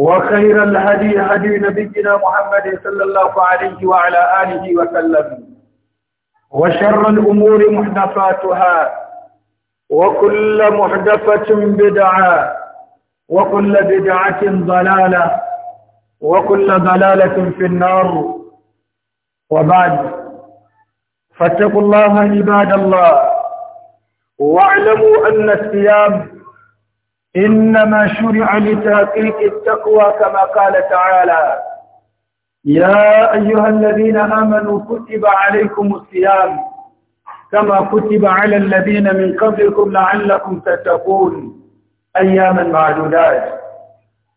وخير الهدي هدي نبينا محمد صلى الله عليه وعلى آله وسلم وشر الأمور محدثاتها وكل محدثة بدعة وكل بدعة ضلالة وكل ضلالة في النار وبعد فاتقوا الله عباد الله واعلموا أن الثياب إنما شرع لتحقيق التقوى كما قال تعالى يا أيها الذين آمنوا كتب عليكم الصيام كما كتب على الذين من قبلكم لعلكم تتقون أياما معدودات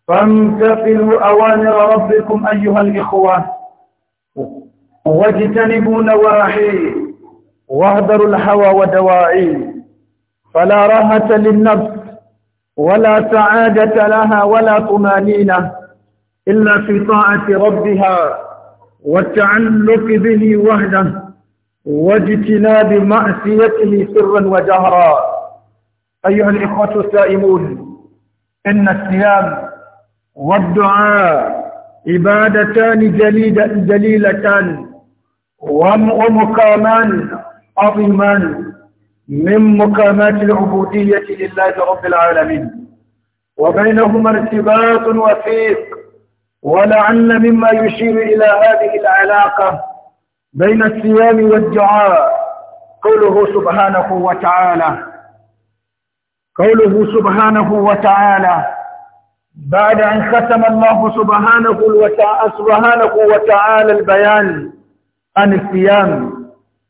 فامتثلوا أوامر ربكم أيها الإخوة واجتنبوا نواحيه واهدروا الهوى ودواعيه فلا راحة للنفس ولا سعادة لها ولا طمانينة إلا في طاعة ربها والتعلق به وهدا واجتناب معصيته سرا وجهرا أيها الإخوة السائمون إن الصيام والدعاء عبادتان جليلتان ومقامان عظيمان من مقامات العبودية لله رب العالمين وبينهما ارتباط وثيق ولعل مما يشير إلى هذه العلاقة بين الصيام والدعاء قوله سبحانه وتعالى قوله سبحانه وتعالى بعد أن ختم الله سبحانه وتعالى, سبحانه وتعالى البيان عن الصيام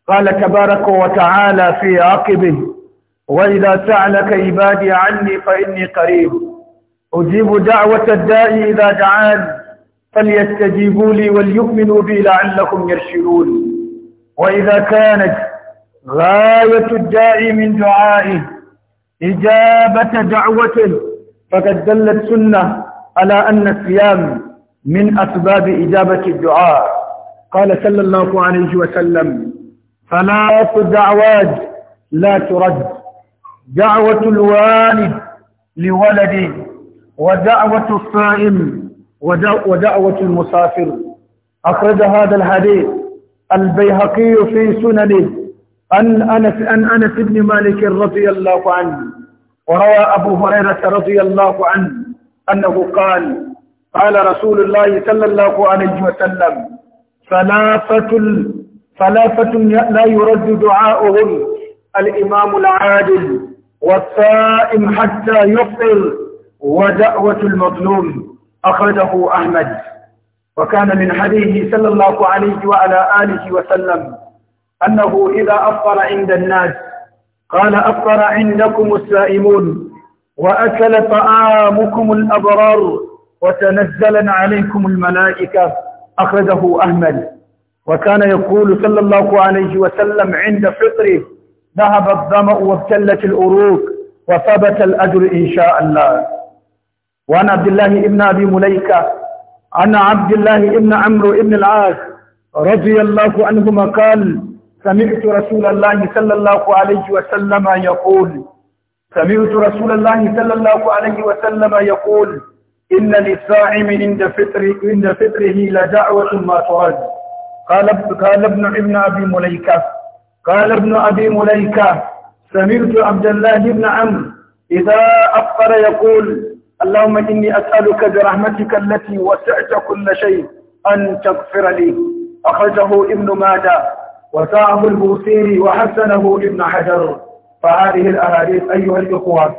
قال تبارك وتعالى في عقبه وإذا سألك عبادي عني فإني قريب أجيب دعوة الداء إذا دعان فليستجيبوا لي وليؤمنوا بي لعلكم يرشدون وإذا كانت غاية الداء من دعائه إجابة دعوته فقد دلت سنة على أن الصيام من أسباب إجابة الدعاء قال صلى الله عليه وسلم ثلاث دعوات لا ترد دعوة الوالد لولده ودعوة الصائم ودعوة المسافر أخرج هذا الحديث البيهقي في سننه أن أنس, أن أنس بن مالك رضي الله عنه وروى أبو هريرة رضي الله عنه أنه قال قال رسول الله صلى الله عليه وسلم ثلاثة ثلاثة لا يرد دعاؤهم الإمام العادل والصائم حتى يفطر ودعوة المظلوم أخرجه أحمد وكان من حديثه صلى الله عليه وعلى آله وسلم أنه إذا أفطر عند الناس قال أفطر عندكم السائمون وأكل طعامكم الأبرار وتنزلا عليكم الملائكة أخرجه أحمد وكان يقول صلى الله عليه وسلم عند فطره ذهب الظمأ وابتلت الأروق وثبت الأجر إن شاء الله وعن عبد الله ابن أبي مليكة عن عبد الله ابن عمرو ابن العاص رضي الله عنهما قال سمعت رسول الله صلى الله عليه وسلم يقول سمعت رسول الله صلى الله عليه وسلم يقول إن للصائم عند فطره عند فطره لدعوة ما ترد قال قال ابن ابن أبي مليكة قال ابن أبي مليكة سمعت عبد الله بن عمرو إذا أفطر يقول اللهم إني أسألك برحمتك التي وسعت كل شيء أن تغفر لي أخرجه ابن ماجه وساعه البوصيري وحسنه ابن حجر فهذه الأحاديث أيها الإخوة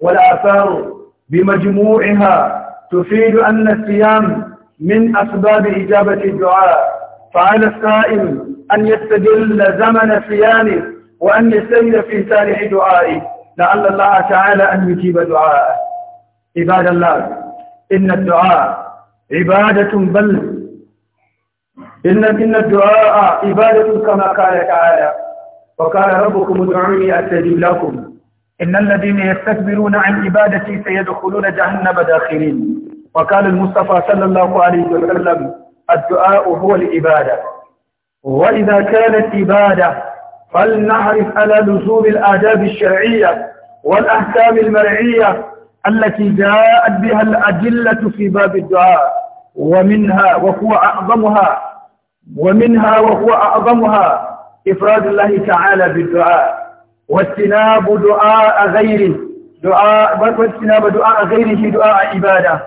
والآثار بمجموعها تفيد أن الصيام من أسباب إجابة الدعاء فعلى السائل أن يستدل زمن صيامه وأن يستدل في تاريخ دعائه لعل الله تعالى أن يجيب دعاءه عباد الله إن الدعاء عبادة بل إن إن الدعاء عبادة كما قال تعالى وقال ربكم ادعوني أستجب لكم إن الذين يستكبرون عن عبادتي سيدخلون جهنم داخلين وقال المصطفى صلى الله عليه وسلم الدعاء هو الإبادة وإذا كانت إبادة فلنعرف على لزوم الآداب الشرعية والأحكام المرعية التي جاءت بها الأدلة في باب الدعاء ومنها وهو أعظمها ومنها وهو أعظمها إفراد الله تعالى بالدعاء واجتناب دعاء غيره دعاء واجتناب دعاء غيره دعاء عبادة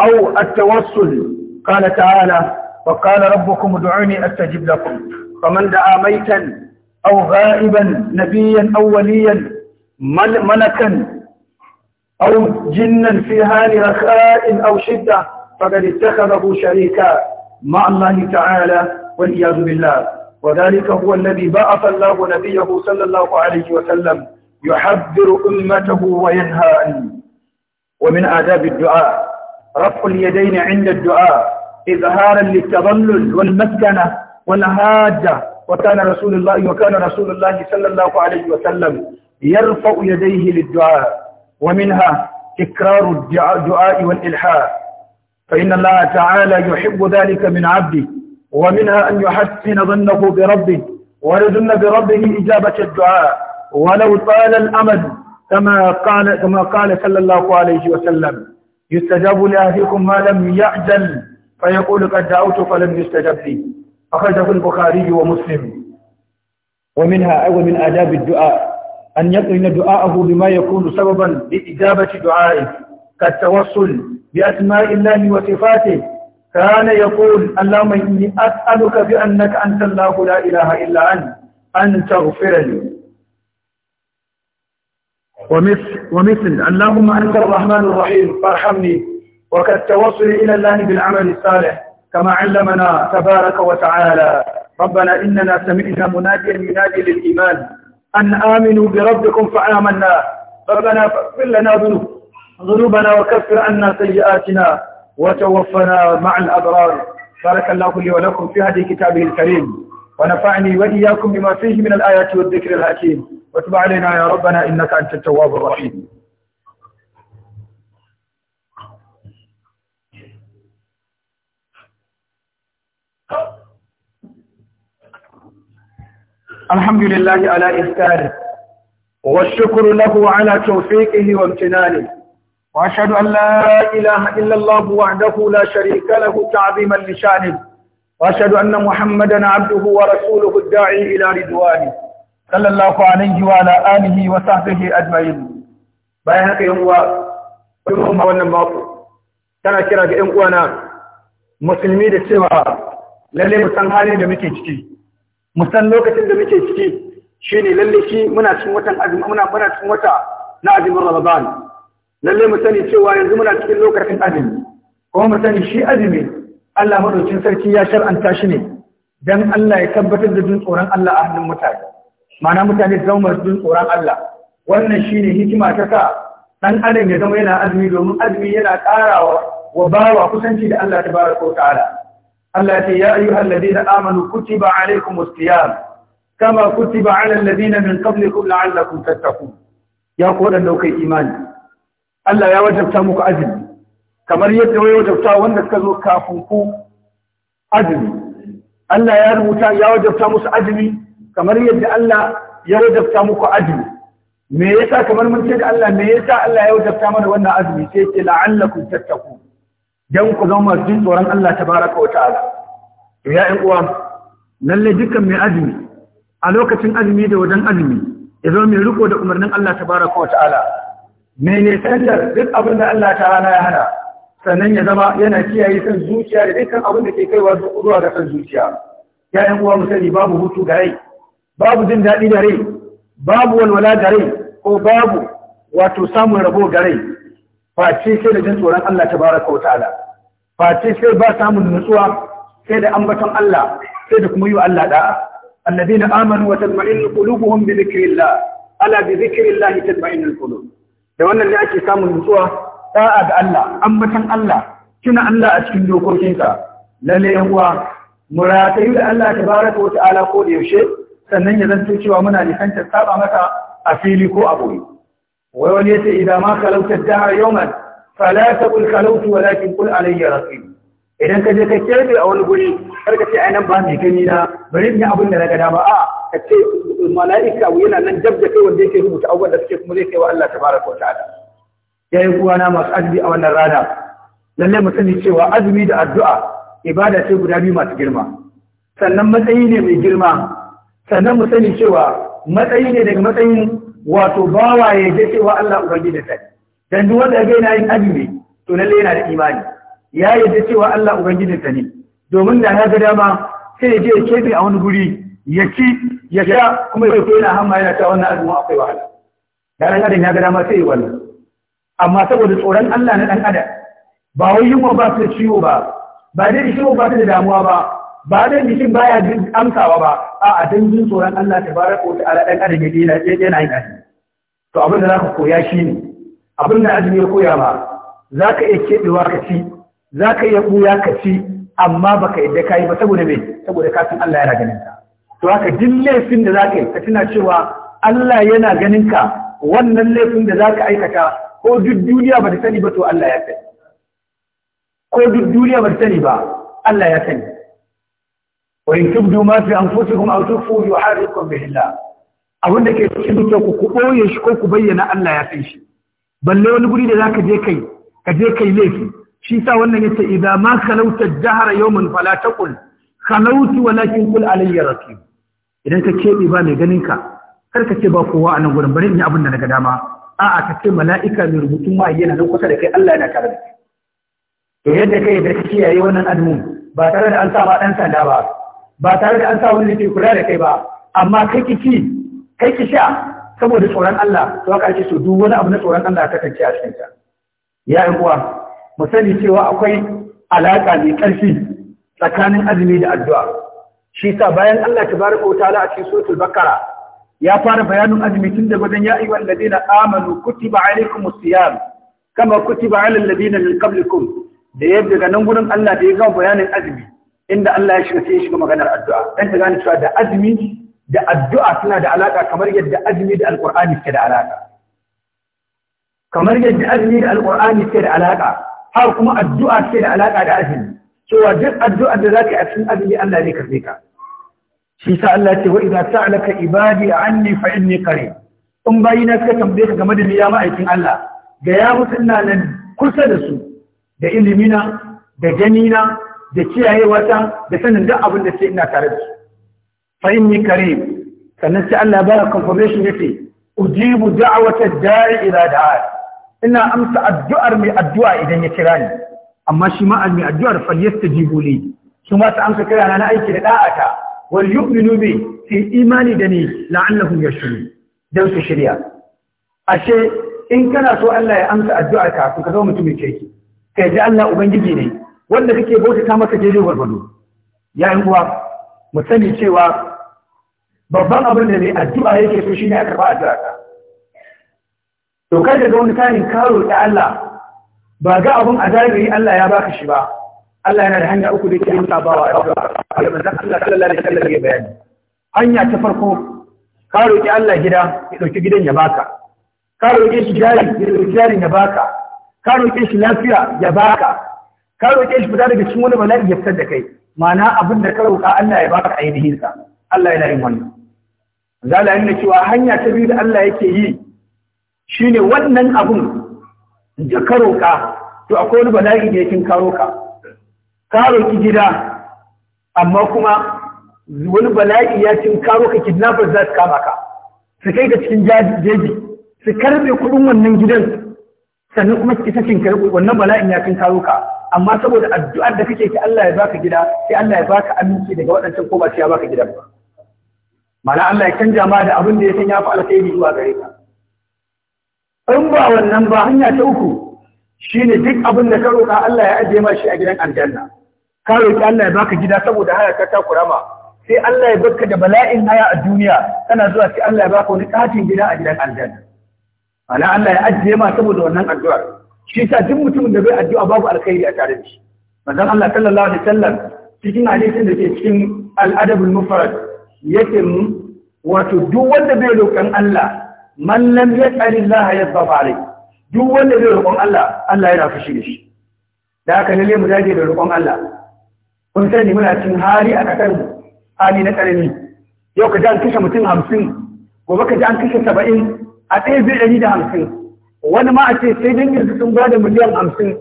أو التوسل قال تعالى وقال ربكم ادعوني أستجب لكم فمن دعا ميتا أو غائبا نبيا أو وليا من ملكا أو جنا في حال رخاء أو شدة فقد اتخذه شريكا مع الله تعالى والعياذ بالله وذلك هو الذي بعث الله نبيه صلى الله عليه وسلم يحذر أمته وينهى عنه ومن آداب الدعاء رفع اليدين عند الدعاء إظهارا للتضلل والمسكنة والهاجة وكان رسول الله وكان رسول الله صلى الله عليه وسلم يرفع يديه للدعاء ومنها تكرار الدعاء والإلحاء فإن الله تعالى يحب ذلك من عبده ومنها أن يحسن ظنه بربه ويظن بربه إجابة الدعاء ولو طال الأمد كما قال, كما قال صلى الله عليه وسلم يستجاب لأهلكم ما لم يعجل فيقول قد دعوت فلم يستجب لي أخرجه البخاري ومسلم ومنها أو من آداب الدعاء أن يقرن دعاءه بما يكون سببا لإجابة دعائه كالتوصل بأسماء الله وصفاته كان يقول اللهم إني أسألك بأنك أنت الله لا إله إلا أنت أن تغفر لي ومثل, ومثل اللهم أنت الرحمن الرحيم فارحمني وكالتوصل إلى الله بالعمل الصالح كما علمنا تبارك وتعالى ربنا إننا سمعنا مناديا ينادي للإيمان أن آمنوا بربكم فآمنا ربنا فاغفر لنا ذنوبنا وكفر عنا سيئاتنا وتوفنا مع الأبرار بارك الله لي ولكم في هذه كتابه الكريم ونفعني وإياكم بما فيه من الآيات والذكر الحكيم وتب علينا يا ربنا إنك أنت التواب الرحيم الحمد لله على إذكاره والشكر له على توفيقه وامتنانه وأشهد أن لا إله إلا الله وحده لا شريك له تعظيما لشانه وأشهد أن محمدا عبده ورسوله الداعي إلى رضوانه صلى الله عليه وعلى آله وصحبه أجمعين bayan haka yan uwa kuma wannan mako tana kira ga yan uwana musulmi da cewa lalle mu san halin da muke ciki mu san lokacin da muke ciki shine lalle shi muna cikin watan azumi muna muna cikin wata na azumin Ramadan lalle mu sani cewa yanzu muna cikin lokacin azumi kuma mu sani shi azumi Allah madaukin sarki ya shar'anta shi ne dan Allah ya tabbatar da jin tsoron Allah a hannun mutane ma'ana mutane su zama jin tsoron Allah wannan shi ne hikima ta sa dan adam ya zama yana azumi domin azumi yana ƙarawa wa bawa kusanci da Allah ta tabaraka wa ta'ala Allah ya ce ya ayyuhal ladina amanu kutiba alaykumus siyam kama kutiba alal ladina min qablikum la'allakum tattaqun ya ku wadanda kai imani Allah ya wajabta muku azumi kamar yadda ya wajabta wanda suka zo kafin ku azumi Allah ya rubuta ya wajabta musu azumi kamar yadda Allah ya wajabta muku azumi me yasa kamar mun ce da Allah me yasa Allah ya wajabta mana wannan azumi sai ce la'allakum tattaqu dan ku zama masu jin tsoron Allah tabaraka wa ta'ala to ya uwa lalle dukkan mai azumi a lokacin azumi da wajen azumi ya zama mai riko da umarnin Allah tabaraka wa ta'ala mai ne duk abin da Allah ta ta'ala ya hana sannan ya zama yana kiyaye kan zuciya da dukkan abin da ke kaiwa zuwa ga kan zuciya yayan uwa musali babu hutu da rai babu jin daɗi da rai babu walwala da rai ko babu wato samun rabo da rai face sai da jin tsoron Allah ta wa ta'ala face sai ba samun nutsuwa sai da ambaton Allah sai da kuma yi wa Allah da'a الذين آمنوا وتطمئن قلوبهم بذكر الله ألا بذكر الله تطمئن القلوب da wannan ne ake samun nutsuwa A'a ga Allah ambatan Allah tuna Allah a cikin dokokinsa lalle yan uwa muratayu da Allah baraka wata ala ko da yaushe sannan ya zanto cewa muna nisantar saba mata a fili ko a boye wai wani yace idan ma kalautar dahar yawman fala taqul kalautu walakin qul alayya raqib idan ka je ka kebe a wani guri kar ka ce ai nan ba mai gani na bari ni abin da na ga dama a ka ce mala'ika yana nan dab da kai wanda yake rubuta abubuwan da suke kuma zai kai wa Allah tabaraka wa ta'ala ya yi na masu azumi a wannan rana lallai mu sani cewa azumi da addu'a ibada ce guda biyu masu girma sannan matsayi ne mai girma sannan mu sani cewa matsayi ne daga matsayin wato bawa ya je cewa Allah ubangiji da sai dan duk wanda ga yana yin azumi to lalle yana da imani ya yarda cewa Allah ubangiji da ne domin da na ga dama sai ya je ya kebe a wani guri ya ci ya sha kuma ya koyi na hamma yana ta wannan azumi akwai wahala dan ya ga dama sai ya wannan amma saboda tsoron Allah na ɗan adam ba wai yunwa ba su da ciwo ba ba dai jikin ba su da damuwa ba ba dai jikin baya jin amsawa ba a a dan jin tsoron Allah ta bara ko ta ala ɗan adam yake yana yana yin azumi to abin da za ka koya shi ne abin da azumi ya koya ba za ka iya keɓewa ka ci za ka iya ɓuya ka ci amma ba ka yadda ka yi ba saboda me saboda kafin Allah yana ganin ka to haka duk laifin da za ka yi ka tuna cewa Allah yana ganin ka wannan laifin da za ka aikata ko duk duniya ba ta sani ba to Allah ya sani ko duk duniya ba ta sani ba Allah ya sani wa in tubdu ma fi anfusikum aw tukhfu yuharikum bihi Allah abin da ke cikin dukkan ku ku boye shi ko ku bayyana Allah ya san shi balle wani guri da zaka je kai ka je kai laifi shi sa wannan yace idza ma kalauta jahara yawman fala taqul kalautu walakin qul alayya rakib idan ka kebe ba mai ganin ka kar ka ce ba kowa a nan gurin bari in yi abin da na ga dama a'a ka ce mala'ika mai rubutun ma yana nan kusa da kai Allah yana tare da to yadda kai da kiyaye wannan azumin ba tare da an sa ba dan sanda ba ba tare da an sa wani ke kula da kai ba amma kai ki ci kai ki sha saboda tsoron Allah to aka ce so duk wani abu na tsoron Allah ka ci a cikin ta ya yi kuwa mu sani cewa akwai alaƙa mai ƙarfi tsakanin azumi da addu'a shi sa bayan Allah tabaraka wa ta'ala a cikin suratul bakara ya fara bayanin azumi tun da wajen ya ayyuhal ladina amanu kutiba alaykumus siyam kama kutiba alal ladina min qablikum da yadda ga nan gurin Allah da ya gama bayanin azumi inda Allah ya shiga sai ya shiga maganar addu'a dan ta gane cewa da azumi da addu'a suna da alaka kamar yadda azumi da alqur'ani suke da alaka kamar yadda azumi da alqur'ani suke da alaka har kuma addu'a suke da alaka da azumi cewa duk addu'a da zaka yi a cikin azumi Allah zai karbe ka shi sa Allah ce wa idza ta'alaka ibadi anni fa inni qareeb in bayina suka tambaye ka game da ni ya ma'aikin Allah ga ya musu ina nan kusa da su da ilimina da ganina da kiyayewa ta da sanin duk abin da sai ina tare da su fa inni qareeb sannan sai Allah ba confirmation yace ujibu da'wata da'i ila da'a ina amsa addu'ar mai addu'a idan ya kira ni amma shi ma mai addu'ar fal yastajibu li shi ta amsa kira na aiki da da'ata wal yu'minu bi fi imani da ni la'allahum yashkurun dan su shirya ashe in kana so Allah ya amsa addu'ar ka ka zama mutumin kirki kai ji Allah ubangiji ne wanda kake bautata masa daidai gwargwado ya yi uwa mu sani cewa babban abin da mai addu'a yake so shine a karba addu'a ka to daga wani tarin karo da Allah ba ga abin a zagaye Allah ya baka shi ba Allah yana da hanya uku da yake yin sabawa addu'a da manzon Allah sallallahu alaihi wasallam ya bayani hanya ta farko ka roki Allah gida ya dauki gidan ya baka ka shi jari ya dauki ya baka ka shi lafiya ya baka ka shi fita daga cikin wani bala'i ya fitar da kai ma'ana abin da ka roka Allah ya baka ainihin sa Allah yana yin wannan zala yana cewa hanya ta biyu da Allah yake yi shine wannan abun da ka roka to akwai wani bala'i da yakin ka ka roki gida amma kuma wani bala'i ya cin karo ka kidnapper za su kama ka su kai ka cikin jeji su karbe kudin wannan gidan sannan kuma su cin cinkar wannan bala'in ya cin karo ka amma saboda addu'ar da kake ki Allah ya baka gida sai Allah ya baka aminci daga waɗancan ko ba ya baka gidan ba mana Allah ya canja ma da abin da ya san ya fi alkhairi zuwa gare ka in ba wannan ba hanya ta uku shine duk abin da ka roka Allah ya ajiye ma shi a gidan aljanna ka roki Allah ya baka gida saboda haya ta kurama, sai Allah ya baka da bala'in haya a duniya kana zuwa sai Allah ya baka wani katin gida a gidan aljanna ana Allah ya ajiye ma saboda wannan addu'ar shi yasa duk mutumin da bai addu'a babu alkhairi a tare da shi manzon Allah sallallahu alaihi wasallam cikin hadisin da ke cikin al-adabul mufrad yake wato duk wanda bai roƙon Allah man lam yas'ali Allah ya tsafare duk wanda bai roƙon Allah Allah yana fushi da shi da haka lalle mu dage da roƙon Allah kun sani muna cin hali a ƙasar hali na tsanani yau ka ji an kashe mutum hamsin gobe ka ji an kashe saba'in a ɗaya biyu ɗari da hamsin wani ma a ce sai dan yanzu sun ba da miliyan hamsin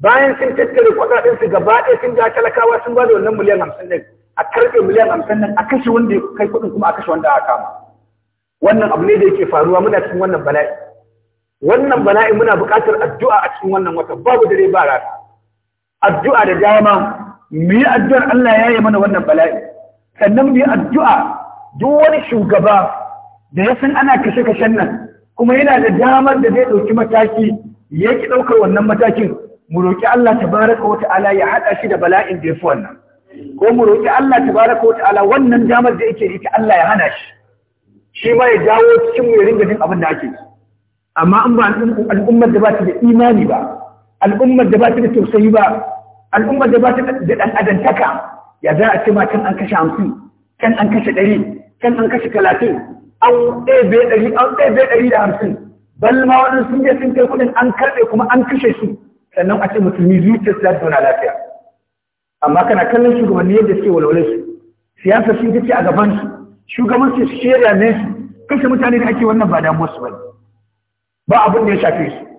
bayan sun tattare kuɗaɗen su gaba ɗaya sun ga talakawa sun ba da wannan miliyan hamsin ɗin a karɓe miliyan hamsin nan a kashe wanda ya kai kuɗin kuma a kashe wanda aka kama wannan abu ne da yake faruwa muna cikin wannan bala'i wannan bala'i muna buƙatar addu'a a cikin wannan wata babu dare ba rana addu'a da dama mu yi addu'ar Allah ya yi mana wannan bala'i sannan mu yi addu'a duk wani shugaba da ya san ana kashe-kashen nan kuma yana da damar da zai ɗauki mataki ya ki ɗaukar wannan matakin mu roƙi Allah baraka wa ta'ala ya haɗa shi da bala'in da ya fi wannan ko mu roƙi Allah tabaraka wa ta'ala wannan damar da yake ta Allah ya hana shi shi ma ya jawo cikin mu ya ringa jin abin da ake amma in ba al'ummar da ba ta da imani ba al'ummar da ba ta da tausayi ba al'ummar da ba ta da ɗan adantaka ya za a ce ma can an kashe hamsin can an kashe ɗari can an kashe talatin an ɗebe ɗari an ɗebe ɗari da hamsin bal ma waɗansu sun je sun kai kuɗin an karɓe kuma an kashe su sannan a ce musulmi zuciyar su za ta lafiya amma kana kallon shugabanni yadda suke walwale su siyasa sun tace a gaban su shugaban su shirya ne su kashe mutane da ake wannan ba damuwar su bane ba abin da ya shafe su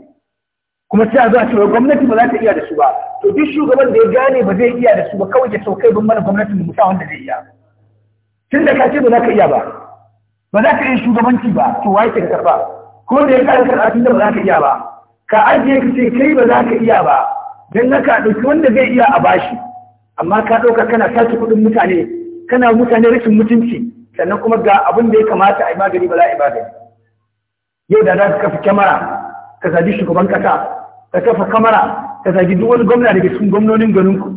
kuma sai a zuwa cewa gwamnati ba za ta iya da su ba to duk shugaban da ya gane ba zai iya da su ba kawai ya saukai ban mana gwamnatin mu sa wanda zai iya tun da ka ce ba za ka iya ba ba za ka iya shugabanci ba to waye ka karba ko da ya kare karɓa tun da ba za ka iya ba ka ajiye ka ce kai ba za ka iya ba dan haka ɗauki wanda zai iya a bashi amma ka ɗauka kana sace kuɗin mutane kana mutane rashin mutunci sannan kuma ga abin da ya kamata a yi magani ba za a yi magani yau da za ka kafa kyamara ka zabi shugaban kasa ka kafa kamara ka zagi duk wani gwamna daga cikin gwamnonin ganinku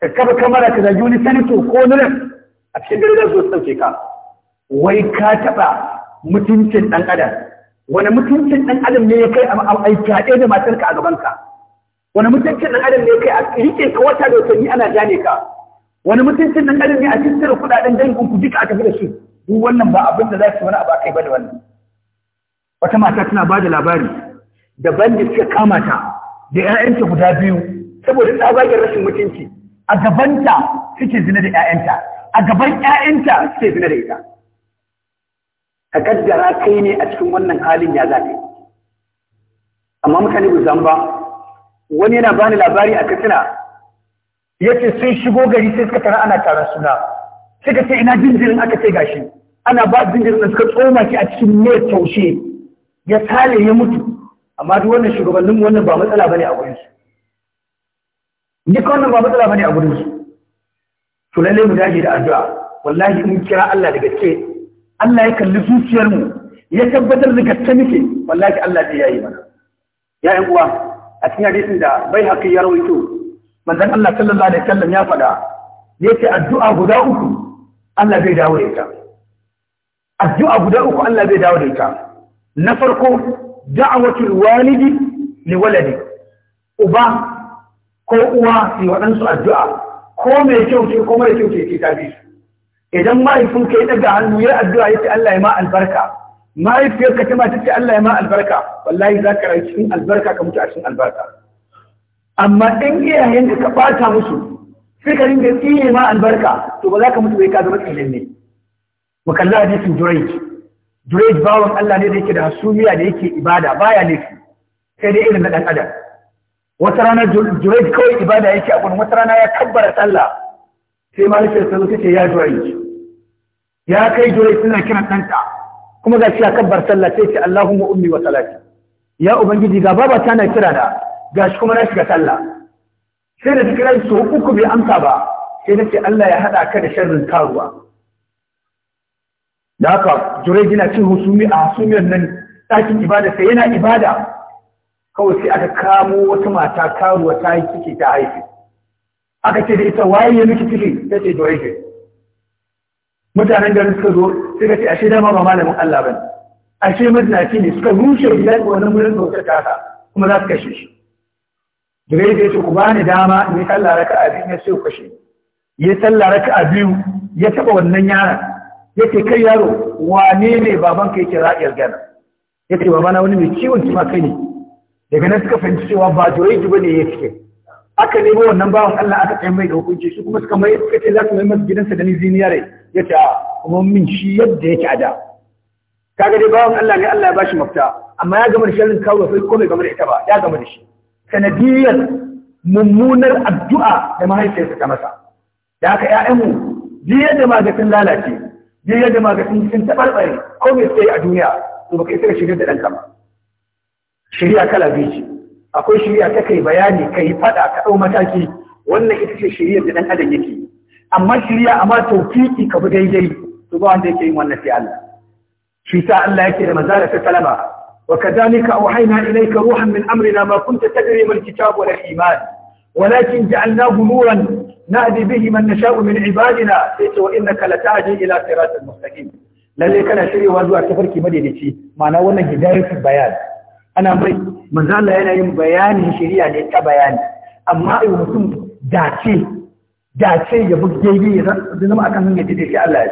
ka kafa kamara ka zagi wani sanito ko wani nan a cikin garin su sauke ka wai ka taɓa mutuncin ɗan adam wani mutuncin ɗan adam ne ya kai a fyaɗe da matarka a gabanka wani mutuncin ɗan adam ne ya kai a rike ka wata da watanni ana gane ka wani mutuncin ɗan adam ne a tattara kuɗaɗen dangin ku duka a tafi da su duk wannan ba abin da za su wani abu a kai ba da wannan wata mata tana ba da labari da bandit suka kama ta da 'ya'yanta guda biyu saboda tsabagen rashin mutunci a gabanta suke zina da 'ya'yanta a gaban 'ya'yanta suke zina da ita ka kaddara kai ne a cikin wannan halin ya zafi amma mutane ba zan ba wani yana bani labari a katsina ya ce sun shigo gari sai suka tara ana tara suna suka ce ina jinjirin aka ce gashi ana ba jinjirin da suka tsoma shi a cikin mai taushe ya sale ya mutu amma duk wannan shugabannin wannan ba matsala bane a gurin su duk wannan ba matsala bane a gurin su to lalle mu dage da addu'a wallahi mun kira Allah da gaske Allah ya kalli zuciyar mu ya tabbatar da gaske muke wallahi Allah zai yayi mana ya yan uwa a cikin hadisin da bai haƙi ya rawaito manzon Allah sallallahu alaihi wasallam ya faɗa yace addu'a guda uku Allah zai dawo da ita addu'a guda uku Allah zai dawo da ita na farko da'awatul walidi li waladi uba ko uwa su waɗansu addu'a ko mai kyau ce ko mara kyau ce ke tafi su idan mahaifinka ya daga hannu ya addu'a ya ce Allah ya ma albarka mahaifiyarka ta mata ce Allah ya ma albarka wallahi za ka rai cikin albarka ka mutu a cikin albarka amma in iyayen ka bata musu sai ka ringa tsiye ma albarka to ba za ka mutu bai ka zama tsirin ne mu kalla hadisin Jurayj Dureji bawan Allah ne da yake da hasumiya da yake ibada baya laifi sai dai irin na ɗan adam. Wata rana dureji kawai ibada yake a gurin wata rana ya kabbara sallah sai mahaifiyar sa ta ce ya Durej. Ya kai Durej suna kiran ɗanta kuma ga shi ya kabbar sallah sai ce Allahumma ummi wa salati. Ya Ubangiji ga baba ta na kira da ga shi kuma na shiga sallah. Sai da ta kira su uku bai amsa ba sai na ce Allah ya haɗa ka da sharrin karuwa. da haka jure gina cin husumi a hasumiyar nan ɗakin ibada sai yana ibada kawai sai aka kamo wata mata karuwa ta yi ciki ta haifi aka ce da ita waye ya miki ciki ta ce jure ke. mutanen garin suka zo ka ce ashe dama ba malamin Allah ba ashe mazinaci ne suka rushe gidan wannan wurin bautar tasa kuma za su kashe shi jure ke ya ce ku ba ni dama in yi sallah raka a biyu ya sai kashe. Ya sallah raka a biyu ya taɓa wannan yaron yake kai yaro wane ne baban ka yake ra'ayar gana yake babana wani mai ciwon kima kai ne daga nan suka fahimci cewa ba jirai ba ne ya fice aka nemo wannan bawan Allah aka kai mai da hukunci shi kuma suka mai suka ce za su mai masa gidansa da ni rai ya ce kuma min shi yadda yake a da kaga dai bawan Allah ne Allah ya bashi mafita amma ya gama da shirin kawo sai komai gama da ita ba ya gama da shi sanadiyar mummunar addu'a da mahaifiyarsa ta masa da haka 'ya'yanmu biyar da magatin lalace duk yadda magasin sun tabarbare ko me sai a duniya to baka isa shigar da ɗanka ba kala biyu ce akwai shirya ta kai bayani kai faɗa ka ɗau mataki wannan ita ce shari'ar da ɗan adam yake amma shirya amma tawfiki ka bi daidai to ba wanda yake yin wannan sai Allah shi sa Allah yake da manzara ta salama wa kadhalika awhayna ilayka ruhan min amrina ma kunta tadri mal kitab wal iman ولكن جعلناه نورا نهدي به من نشاء من عبادنا سيت وإنك لتعدي إلى صراط المستقيم lalle kana shirewa zuwa tafarki madaidaici ma'ana wannan hidayatul bayan ana mai manzo yana yin bayanin shari'a ne ta bayani amma ai mutum dace dace ya bi gaibi ya zama akan hanyar da shi Allah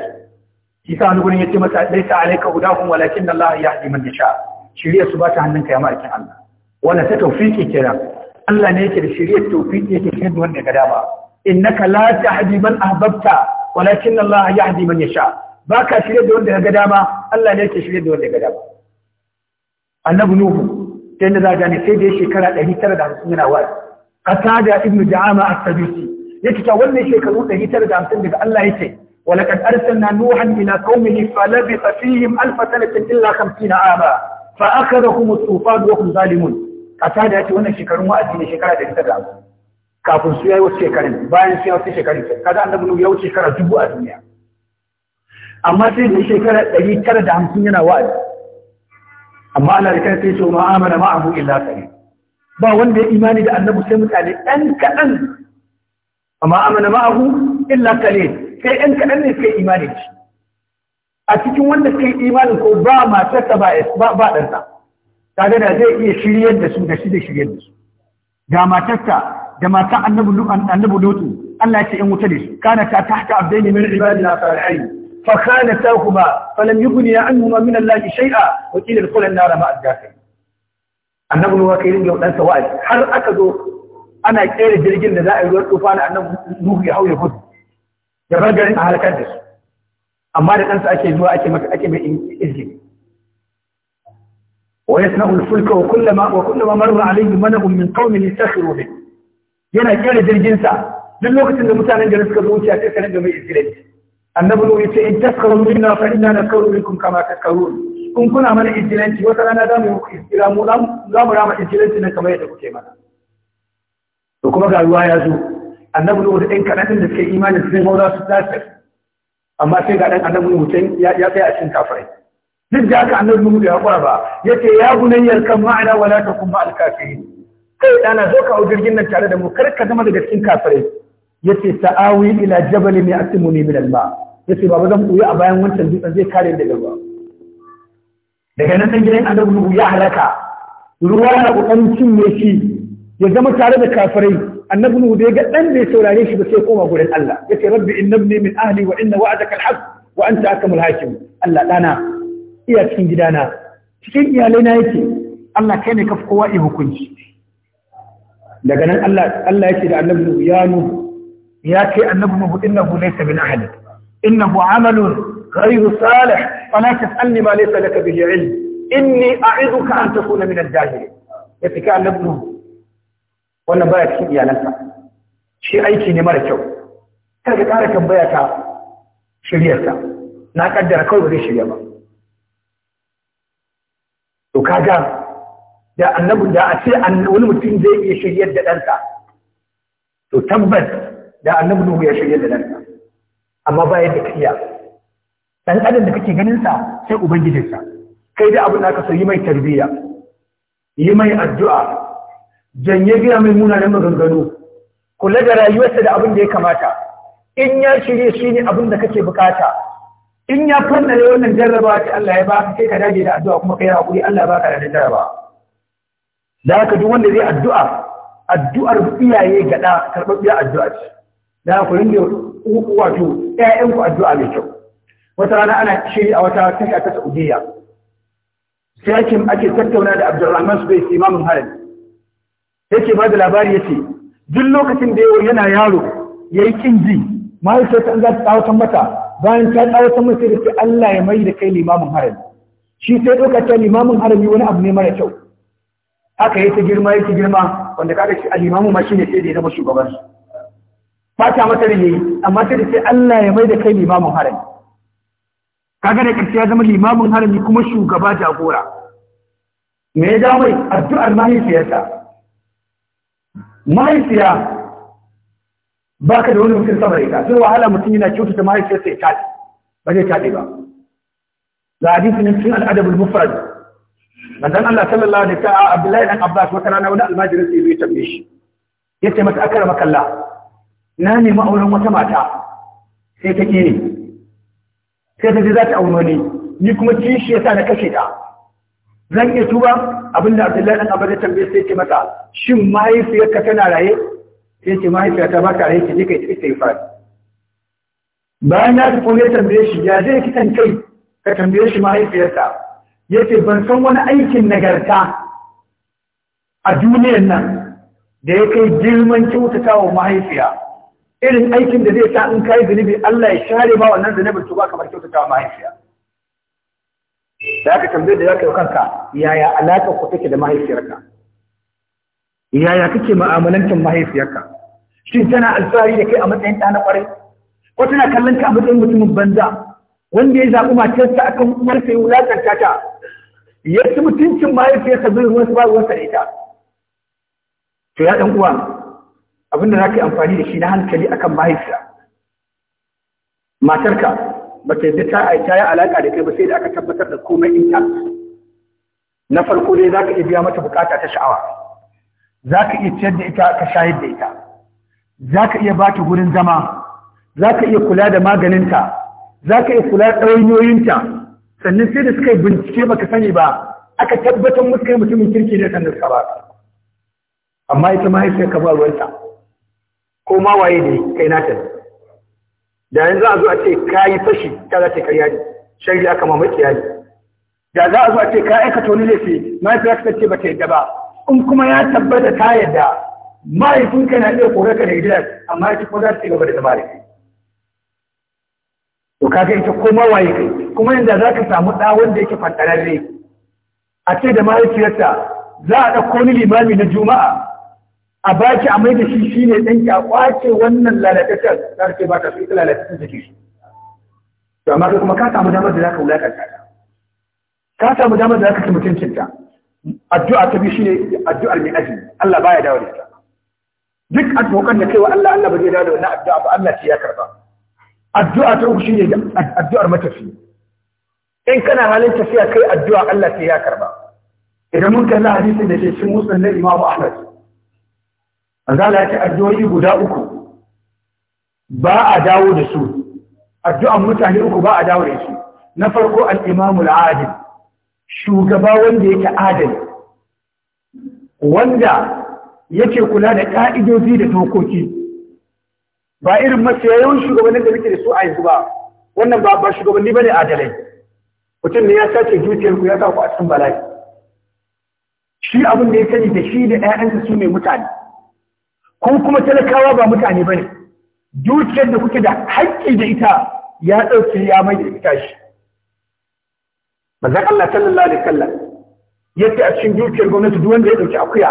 ya shi shi sa wani gurin yace masa laita alayka hudahum walakin Allah yahdi man shari'a su ba hannunka ya ma'aikin Allah ta Allah ne yake da shari'a tawfiki yake shi wanda ga dama innaka la tahdi man ahbabta walakin Allah yahdi man yasha baka shirye da wanda ga dama Allah ne yake shirye da wanda ga dama annabi nuhu sai da zaga ne sai da shekara 950 yana wa'azi qatada ibnu da'ama as-sadusi yake ta wannan shekaru 950 daga Allah yake ولقد أرسلنا نوحا إلى قومه فلبث فيهم ألف سنة إلا خمسين عاما فأخذهم الطوفان وهم ظالمون قتادة وانا شكرا وأدين شكرا لك تدعم kafin su yi wasu shekarun bayan su yayi wasu shekarun kaga annabi nuhu ya wuce shekara dubu a duniya amma sai da shekara ɗari tara da hamsin yana wa'azi amma ana da kai sai ce ma abu illa kare ba wanda ya imani da annabi sai mutane ɗan kaɗan amma amana abu illa kare sai ɗan kaɗan ne sai imani da shi a cikin wanda suka yi imanin ko ba matarsa ba ba ɗansa ta da zai iya shiryar da su da shi da shiryar da su ga matarsa da matan annabi annabi lutu Allah ya ce in wuta ne su kana ta tahta abdaini min ibadina salihin fa khanatahuma falam yughni anhuma min Allah shay'a wa qila dkhul an-nar ma'a ad-dakhil annabi nuwa kai ringa dan sa wa'azi har aka zo ana kera jirgin da za a yi ruwan tufa na annabi nuhu ya hauye gudu ya bar garin a halakar da su amma da kansa ake zuwa ake maka ake mai izgin ويصنع الفلك وكلما وكلما مر عليه ملأ من قوم يسخروا به yana jirgin jirginsa duk lokacin da mutanen garin suka zo wuce a ka ringa mai izgiret annabi ne yace in taskaru minna fa inna nakaru minkum kama takarun kun kuna mana izgiranci wata rana za mu yi muku izgira mu za mu rama izgiranci ne kamar yadda kuke mana to kuma ga ruwa ya zo annabi ne ɗan kadan da suke imanin sai maura su zafi amma sai ga ɗan annabi mutum ya tsaya a cikin kafirai duk da haka annabi mu ya kwara ba yace ya gunayyar kan ma'ana wala takum al kafirin kai dana zo ka jirgin nan tare da mu kar ka zama daga cikin kafirai yace ta'awi ila jabalin ya'timuni min al-ma yace baba zan buya a bayan wancan dutsen zai kare daga ruwa daga nan dan gidan annabi nuhu ya halaka ruwa na kokarin cinye shi ya zama tare da kafirai annabi nuhu da ga dan bai saurare shi ba sai koma gurin Allah yace rabbi innabni min ahli wa inna wa'adaka al-haq wa anta akmal hakim Allah dana iya cikin gidana cikin iyalai na yake Allah kai ne ka fi kowa iya hukunci daga nan Allah ya yake da annabi Nuhu ya Nuhu ya kai annabi Nuhu innahu laysa min ahli innahu amalun ghayru salih fala tasalni ma laysa laka bihi ilm inni a'iduka an takuna min al-jahilin yafi kai annabi Nuhu wannan baya cikin iyalanka shi aiki ne mara kyau kar ka kara tambaya ta shiryarsa na kaddara kawai ba zai shirya ba to ga da annabi da a ce wani mutum zai iya shiryar da ɗansa to tabbas da annabi nuhu ya shiryar da ɗansa amma ba yadda ka iya ɗan adam da kake ganin sa sai ubangijinsa kai da abin da aka so yi mai tarbiyya yi mai addu'a janye gina mai munanan maganganu kula da rayuwarsa da abin da ya kamata in ya shirye shi ne abin da kake bukata in ya fannare wannan jarrabawa ta Allah ya ba kai ka dage da addu'a kuma kai hakuri Allah ya baka da jarrabawa da haka duk wanda zai addu'a addu'ar iyaye ga ɗa karɓaɓɓiyar addu'a ce da haka rinda wato 'ya'yanku addu'a mai kyau wata rana ana shiri a wata tasha ta Saudiya sai ake ake tattauna da Abdulrahman Subay imamin harami yake ba da labari yace duk lokacin da yana yaro yayi kin ji mahaifiyarsa an za ta tsawatan mata bayan ta tsawatan mata sai Allah ya mai da kai limamin harami shi sai ɗauka ta limamin harami wani abu ne mara kyau haka yi ta girma yake girma wanda ka shi alimamu ma shi ne sai da ya zama shugaban su fata mata da yayi amma sai da sai Allah ya mai da kai limamin harami kaga da kirki ya zama limamin harami kuma shugaba jagora me ya dawo mai addu'ar mahaifiyarsa mahaifiya baka ka da wani mutum sama ita sai wahala mutum yana kyautata mahaifiyarsa ya tafi ba zai tafi ba ga hadisin cikin al'adabul mufrad manzon Allah sallallahu alaihi wasallam Abdullahi dan Abbas wata rana wani almajirin sai ya tambaye shi yace mata akara makalla na nemi auren wata mata sai ta kire sai ta ji za ta aure ni ni kuma kishi yasa na kashe ta zan iya tuba abinda Abdullahi dan Abbas ya tambaye sai ce mata shin mahaifiyarka tana raye sai ce mahaifiyarta ba ta raye ki je kai istighfar bayan ya tafi ya tambaye shi ya je kitan kai ka tambaye shi mahaifiyarta yake ban san wani aikin nagarta a duniyar nan da ya kai girman kyautata wa mahaifiya irin aikin da zai sa in kai zunubi Allah ya share ma wannan zunubin to ba kamar kyautata wa mahaifiya da aka tambaye da zaka yi kanka yaya alaƙa ku take da mahaifiyarka yaya kake mu'amalantar mahaifiyarka shin tana alfahari da kai a matsayin ɗa na ƙwarai ko tana kallon ka a matsayin mutumin banza wanda ya zaɓi matarsa akan uwarsa ya wulaƙanta ta ya ci mutuncin mahaifiyarsa zai ruwan su ba ruwan sa ita to ya ɗan uwa abinda za ka yi amfani da shi na hankali akan mahaifiya matarka ba ta yadda ta aita ya alaƙa da kai ba sai da aka tabbatar da komai ta. na farko dai za ka iya biya mata bukata ta sha'awa za ka iya ciyar da ita ka shayar da ita za ka iya bata gurin zama za ka iya kula da maganinta za ka iya kula da ɗawainiyoyinta sannan sai da suka bincike baka sani ba aka tabbatar musu kai mutumin kirki ne sannan suka ba amma ita mahaifiyar ka ba ruwanta ko ma waye ne kai nata da yanzu a zo a ce ka yi fashi ta za ta karya ne shari'a ma maki ne da za a zo a ce ka aikata wani laifi mahaifiyar ka ce ba ta yadda ba in kuma ya tabbata ta yadda mahaifinka na iya kore ka da gidan amma ita kuma za ta yi gaba da zama da kai to kaga ita ko ma waye kai kuma yadda za ka samu ɗa wanda yake fantararre a ce da mahaifiyarta za a ɗauko ni limami na juma'a a baki a mai da shi shi ne ɗan ki a ƙwace wannan lalataccen za ka ce ba ka so ita lalataccen da ke shi to amma kuma ka samu damar da za ka wulaƙanta ta ka samu damar da za ka ci mutuncinta addu'a ta bi shi ne addu'ar mai aji. Allah baya dawo da ita duk addu'okan da wa Allah Allah ba zai dawo da wannan addu'a ba Allah ce ya karba addu'a ta uku shine addu'ar matafi in kana halin tafiya kai addu'a Allah sai ya karba idan mun kalla hadisin da ke cikin musnad na Imam Ahmad azala ta addu'o'i guda uku ba a dawo da su addu'an mutane uku ba a dawo da su na farko al-Imam adil shugaba wanda yake adali wanda yake kula da ka'idoji da dokoki ba irin masayayen shugabannin da muke da su a yanzu ba wannan ba shugabanni bane adalai mutum ne ya sace dukiyar ku ya sa ku a cikin bala'i shi abin da ya sani da shi da ƴaƴansa su ne mutane ko kuma talakawa ba mutane bane dukiyar da kuke da haƙƙi da ita ya ɗauke ya mai da ita shi manzon Allah sallallahu alaihi wasallam yace a cikin dukiyar gwamnati duk wanda ya ɗauki akuya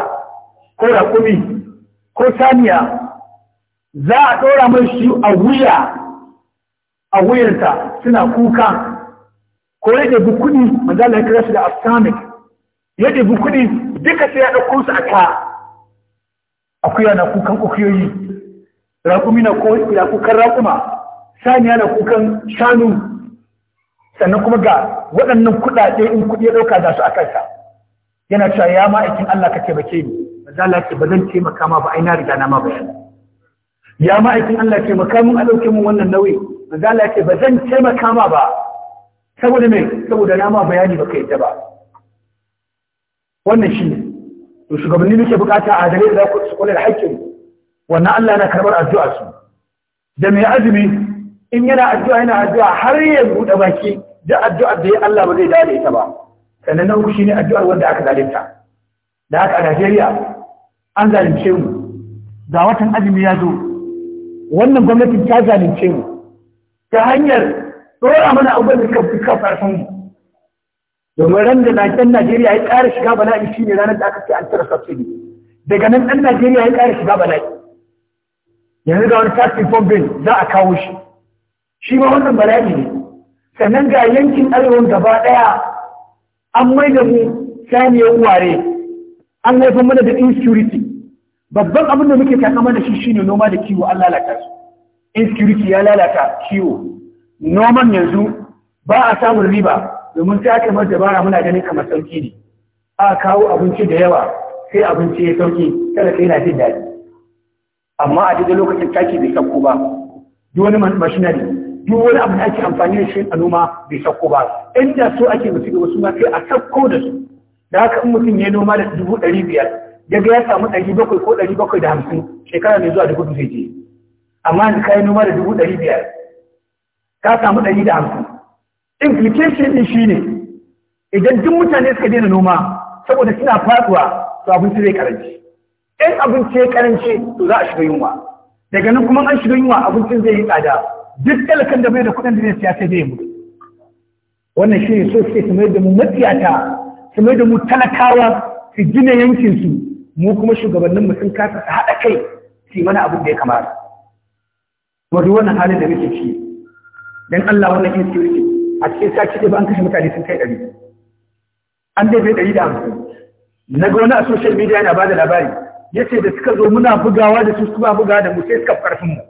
ko raƙumi ko saniya za a ɗora mai shi a wuya a wuyarsa suna kuka ko ya ɗabi kuɗi manzo Allah ya kira shi da asamic ya ɗabi kuɗi duka sai ya ɗauko su a ta akuya na kukan akuyoyi raƙumi na ya kukan raƙuma ya na kukan shanu sannan kuma ga waɗannan kuɗaɗe in kuɗi ya ɗauka da su a kansa yana cewa ya ma'aikin Allah ka taimake ni manzo ya ce ba zan taimaka ma ba a na riga na ma bayan ya ma'aikin Allah taimaka mun a ɗauke mun wannan nauyi manzo ya ce ba zan taimaka ma ba saboda mai saboda na ma bayani baka yadda ba wannan shi to shugabanni muke bukata a dare da su kula da haƙƙin wannan Allah yana karbar addu'a su da mai azumi in yana addu'a yana addu'a har ya buɗe baki da addu'a da ya Allah ba zai dade ta ba sannan na shi ne addu'ar wanda aka zalunta da aka a Najeriya an zalunce mu ga watan azumi ya zo wannan gwamnatin ta zalunce mu ta hanyar a mana abin da suka fi kafarsan mu domin ran da ɗan Najeriya ya ƙara shiga bala'i shi ne ranar da aka ce an cire subsidy daga nan ɗan Najeriya ya ƙara shiga bala'i yanzu ga wani tax reform bill za a kawo shi shi ma wannan bala'i ne sannan ga yankin arewa gaba ɗaya an mai da mu saniyar ware an haifar mana da insecurity babban abin da muke takama da shi shine noma da kiwo an lalata su insecurity ya lalata kiwo noman yanzu ba a samun riba domin sai aka mar dabara muna ganin kamar sauki ne a kawo abinci da yawa sai abinci ya sauki kada kai na jin daɗi amma a daidai lokacin taki bai sauko ba duk wani mashinari duk wani abu da ake amfani da shi a noma bai sauko ba inda so ake mutu da wasu ma sai a sauko da su da haka in mutum ya noma da dubu ɗari biyar daga ya samu ɗari bakwai ko ɗari bakwai da hamsin shekara mai zuwa dubu zai je amma yanzu yi noma da dubu ɗari biyar ka samu ɗari da hamsin implication ɗin shine idan duk mutane suka daina noma saboda suna faduwa to abinci zai karanci in abinci ya karanci to za a shiga yunwa daga nan kuma an shiga yunwa abincin zai yi tsada duk talakan da bai da kuɗin da zai siya sai zai mutu wannan shi ne so suke su mai da mu matsiyata su da mu talakawa su gina yankinsu mu kuma shugabannin mu sun kasa su haɗa kai su yi mana abin da ya kamata. Wani wannan halin da muke ciki dan Allah wannan insecurity a cikin sati ɗaya ba an kashe mutane sun kai ɗari an dai bai ɗari da hamsin na ga wani a social media yana ba da labari ya ce da suka zo muna bugawa da su suka buga da mu sai suka karfin mu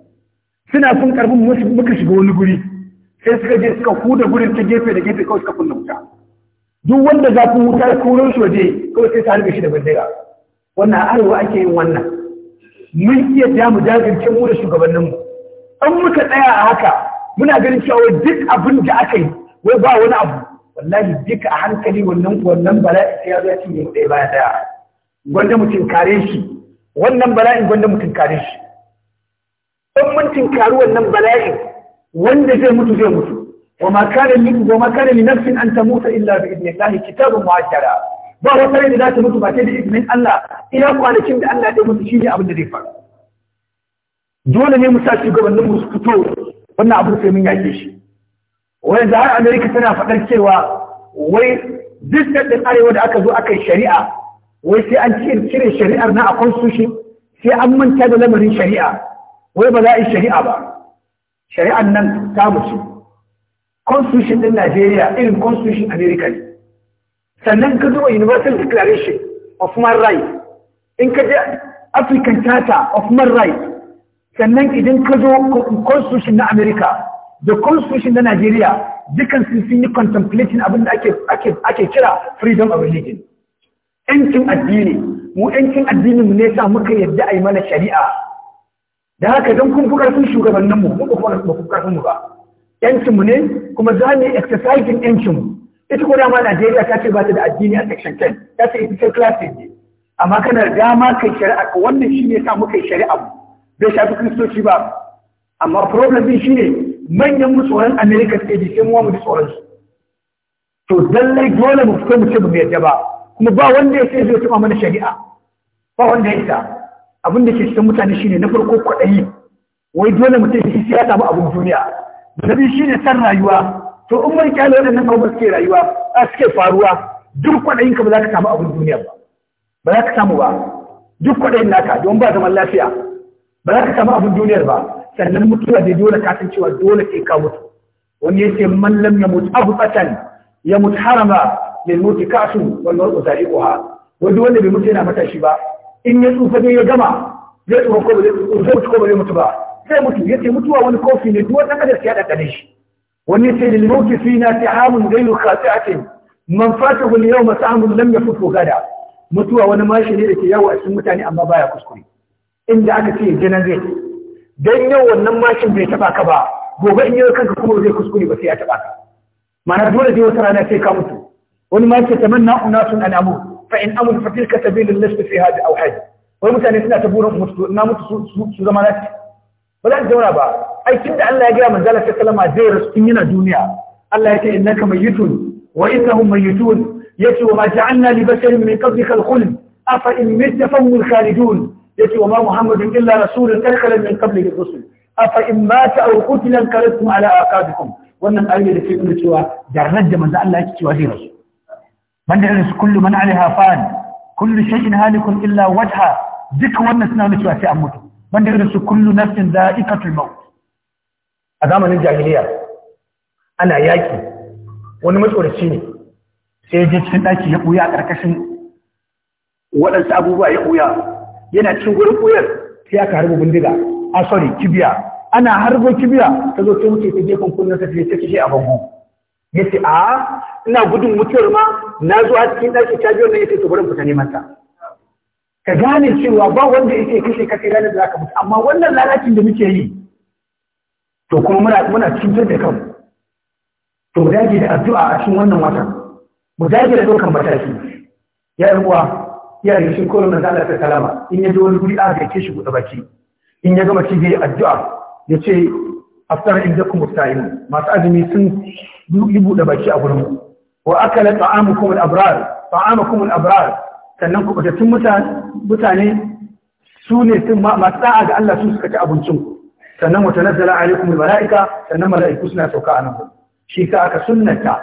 suna fin karfin mu muka shiga wani guri sai suka je suka huda gurin ta gefe da gefe kawai suka kunna wuta duk wanda za ku wuta ko su waje kawai sai ta harbe shi da bandera wannan arewa ake yin wannan mun iya ja mu jajirce mu da shugabanninmu an muka tsaya a haka muna ganin cewa duk abin da aka yi wai ba wani abu wallahi duka a hankali wannan wannan bala'i sai ya zo ya ne ɗaya baya ɗaya gwanda mutum kare shi wannan bala'in gwanda mutum kare shi in mun tinkari wannan bala'in wanda zai mutu zai mutu wa ma kana min wa ma kana min nafsin an tamuta illa bi idnillahi kitabun mu'ajjara ba wa rai da za ta mutu ba sai da izinin Allah ina kwanakin da Allah ya mutu ne abin da zai faru dole ne mu sa shugabannin mu su fito wannan abu sai mun yake shi wanda har amerika tana faɗar cewa wai duk ɗin arewa da aka zo aka shari'a wai sai an cire shari'ar na a constitution sai an manta da lamarin shari'a wai ba za a yi shari'a ba shari'ar nan ta mutu constitution ɗin najeriya irin constitution america ne sannan ka zo universal declaration of human rights in ka je african charter of human rights sannan idan ka zo constitution na america da constitution na nigeria dukan sun yi contemplating abin da ake kira freedom of religion ‘yancin addini mu ‘yancin addini mu ne sa muka yadda a yi mana shari'a da haka don kun fi sun shugabanninmu mu ba ku ƙarfin mu ba ‘yancin mu ne kuma za mu yi exercising ‘yancin mu ita ko dama Najeriya ta ce ba ta da addini a section 10 ta ce ita ce classic ne amma kana dama kai shari'a wannan shi ne sa muka yi shari'a mu bai shafi kristoci ba amma problem din shine manyan mu tsoron america suke ji sai mu mu ji tsoron su to lallai dole mu fito mu ce mu yadda ba kuma ba wanda ya ce zai tuma mana shari'a ba wanda ya isa abin da ke cikin mutane shine na farko kwaɗayi wai dole mu ce shi ya samu abin duniya da biyu shine san rayuwa to in mai kyale waɗannan abubuwa suke rayuwa a suke faruwa duk kwaɗayin ka ba za ka samu abin duniya ba ba za ka samu ba duk kwaɗayin naka don ba zaman lafiya ba za ka samu abin duniyar ba sannan mutuwa zai dole ka cewa dole sai ka mutu wani yace man abu yamut ya mutu harama lil muti kasu wal mar'u zaiquha Wani wanda bai mutu yana matashi ba in ya tsufa dai ya gama zai tsufa ko zai mutu ko ba zai mutu ba zai mutu yace mutuwa wani kofi ne duk wanda kada ya dade shi wani yace lil muti fina tihamun ghayru khati'atin man fatahu al yawma sa'amun lam yafutu gada mutuwa wani mashi ne da ke yawo a cikin mutane amma baya kuskure inda aka ce je nan zai dan yau wannan mashin bai taba ka ba gobe in yau kanka kuma zai kuskure ba sai ya taba ka ma'ana dole dai wata rana sai ka mutu wani ma yake tamanna unasun an amu fa in amu fa tilka sabilul lisbi fi hadi aw hadi wai mutane suna ta burin mutu na mutu su zama na ba za su zauna ba ai tunda Allah ya gaya manzala ta kalama zai rasu tun yana duniya Allah ya ce innaka mayyitun wa innahum mayyitun yace wa ma ja'alna li basharin min qablika al-khuld afa in mitta fa hum khalidun yace wa ma muhammadun illa rasulun qad khalat min qablihi rusul afa in mata aw qutila kalatum ala aqabikum wannan ayoyi da ke nuna cewa jarrar da manzo Allah yake cewa zai rasu banda da su kullu man alaiha fan kullu shay'in halikun illa wajha duk wannan suna nuna cewa sai an mutu banda irin su kullu nafsin za'iqatul maut a zamanin jahiliya ana yaki wani matsoraci ne sai ya je cikin daki ya buya a karkashin waɗansu abubuwa ya buya yana cikin gurin koyar sai aka harbo bindiga a ah, sorry kibiya ana harbo kibiya ta zo ta wuce ta gefen kunnen ta ta kishe a bango ya ce a ina gudun mutuwar ma na zo a cikin ɗakin ta biyar nan ya ce ta bari fita neman ta ka gane cewa ba wanda yake kashe kashe ranar da aka mutu amma wannan lalacin da muke yi to kuma muna muna cutar da kanmu to mu dage da addu'a a cikin wannan watan mu dage da ɗaukar mataki ya yi uwa ya yi shi kolon manzo Allah ta kalama in ya ji wani guri aka yake shi buɗe baki in ya gama ci zai addu'a ya ce aftar indakum musta'in masu azumi sun yi buɗe baki a gurin wa akala ta'amukum al-abrar ta'amukum al-abrar sannan ku bata tun mutane su ne sun masu sa'a ga Allah su suka ci abincin ku sannan wata nazala alaikum al-mala'ika sannan mala'iku suna sauka a nan shi ka aka sunnata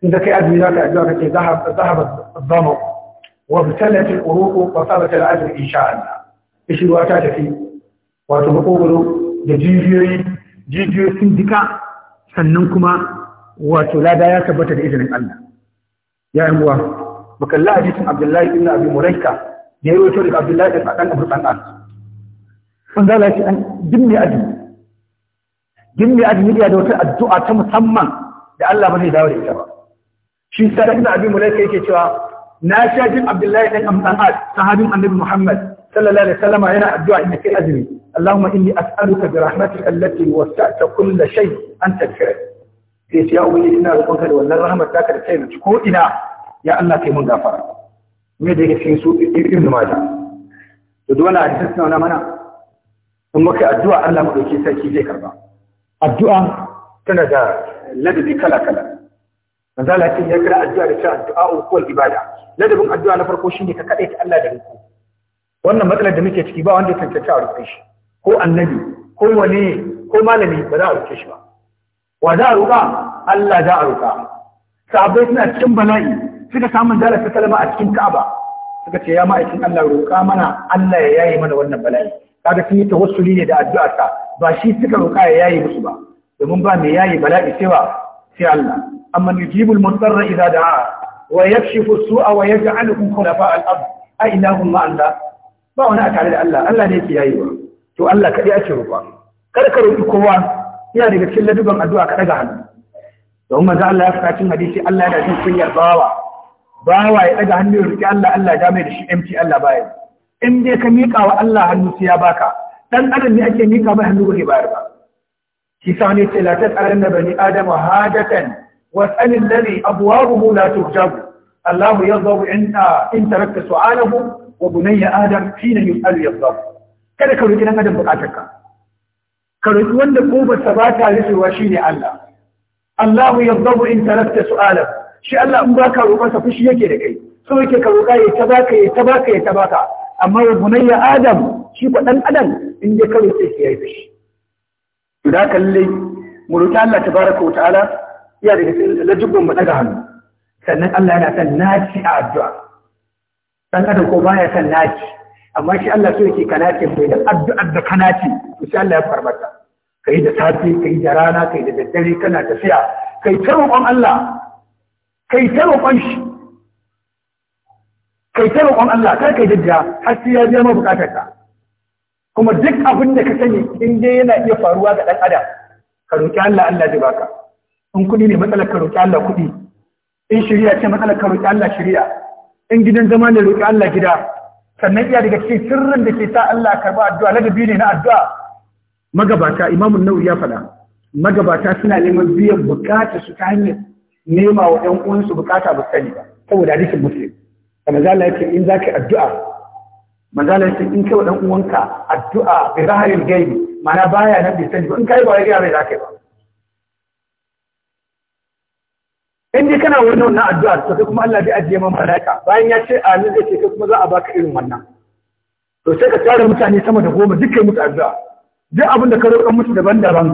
inda kai azumi za ka addu'a kace zahaba zahaba wabtalat al-uruqu wa sabat al-ajr insha Allah ishi wata tafi wato makogoro da jijiyoyi jijiyoyi sun sannan kuma wato lada ya tabbata da izinin Allah ya yi muwa bakalla hadisin abdullahi ibn abi muraika da ya rawaito daga abdullahi ibn adan abu sanan zala shi an dimmi adi dimmi adi ne da wata addu'a ta musamman da Allah ba zai dawo da ita ba shi sai da abi muraika yake cewa na sha jin abdullahi dan amdan sahabin annabi muhammad sallallahu alaihi wasallam yana addu'a ina kai azumi allahumma inni as'aluka bi rahmatika allati ta kull shai an tagfir sai ya ubangiji ina roƙonka da wannan rahmat taka da kai na ko ina ya allah kai mun gafara me da yake cikin su ibn majah to duk wannan hadisin suna mana in muka addu'a Allah mu dauke sarki zai karba addu'a tana da ladabi kala kala manzo Allah ya kira addu'a da cewa addu'a ukuwar ibada ladabin addu'a na farko shine ka kaɗai ta Allah da riko wannan matsalar da muke ciki ba wanda ya tantance a rufe shi ko annabi ko wani ko malami ba za a rufe shi ba wa za a roƙa Allah za a roƙa sahabbai suna cikin bala'i suka samu dalar ta salama a cikin Ka'aba suka ce ya ma'aikin Allah roƙa mana Allah ya yaye mana wannan bala'i kaga sun yi tawassuli ne da addu'a ta ba shi suka roƙa ya yaye musu ba domin ba mai yaye bala'i sai wa sai Allah amma yujibul mutarra idza da'a wa yakshifu su'a wa yaj'alukum khulafa al al'abu a ilahum ma Allah ba wani a tare da Allah Allah ne yake ba. to Allah kaɗi ake roƙa kada ka roƙi kowa yana daga cikin laduban addu'a ka ɗaga hannu don maza Allah ya fi cikin hadisi Allah yana jin kunyar bawa bawa ya ɗaga hannu ya roƙi Allah Allah ya mai da shi empty Allah baya in dai ka miƙa wa Allah hannu sai ya baka ɗan adam ne ake miƙa mai hannu gobe bayar ba Kisa sa ne ce la tas'alanna bani adama hadatan واسأل الذي أبوابه لا ترجب الله يغضب إن, إن تركت سؤاله وبني آدم حين يسأل يغضب kada ka roƙi dan adam buƙatarka ka roƙi wanda gobarsa ba ta rufewa shine Allah Allahu yadhabu in tarakta su'ala shi Allah in baka roƙarsa fushi yake da kai so yake ka roƙa ya ta ya ta ya ta amma wa bunayya shi ko dan in dai ka shi yayi fushi to da kalle mu wa ta'ala iya daga cikin dubban mu daga hannu sannan Allah yana san naci a addu'a dan adam ko baya san naci amma shi Allah so yake ka naci mai da addu'ar da ka naci to shi Allah ya farmata kai da safi kai da rana kai da daddare kana tafiya kai ta roƙon Allah kai ta roƙon shi kai ta roƙon Allah kar kai jidda har sai ya biya ma ka. kuma duk abin da ka sani in dai yana iya faruwa ga dan adam ka roƙi Allah Allah zai baka in kudi ne matsalar ka roƙi Allah kuɗi in shirya ce matsalar ka roƙi Allah shirya in gidan zama ne roƙi Allah gida sannan iya daga cikin sirrin da ke sa Allah karɓa addu'a ladabi ne na addu'a magabata imamun nau'i ya faɗa magabata suna neman biyan bukata su ta hanyar nema wa ɗan uwansu bukata ba sani ba saboda hadisin muslim da mazala yake in za ka addu'a mazala yake in kai wa ɗan uwanka addu'a bi rahayin gaibi ma'ana baya nan bai sani ba in kai ba ya gaya bai za ka yi ba in dai kana wani wannan addu'a to kai kuma Allah zai ajiye man malaika bayan ya ce amin zai ce kai kuma za a baka irin wannan to sai ka tsara mutane sama da goma dukkan musu addu'a duk abin da ka roƙa musu daban-daban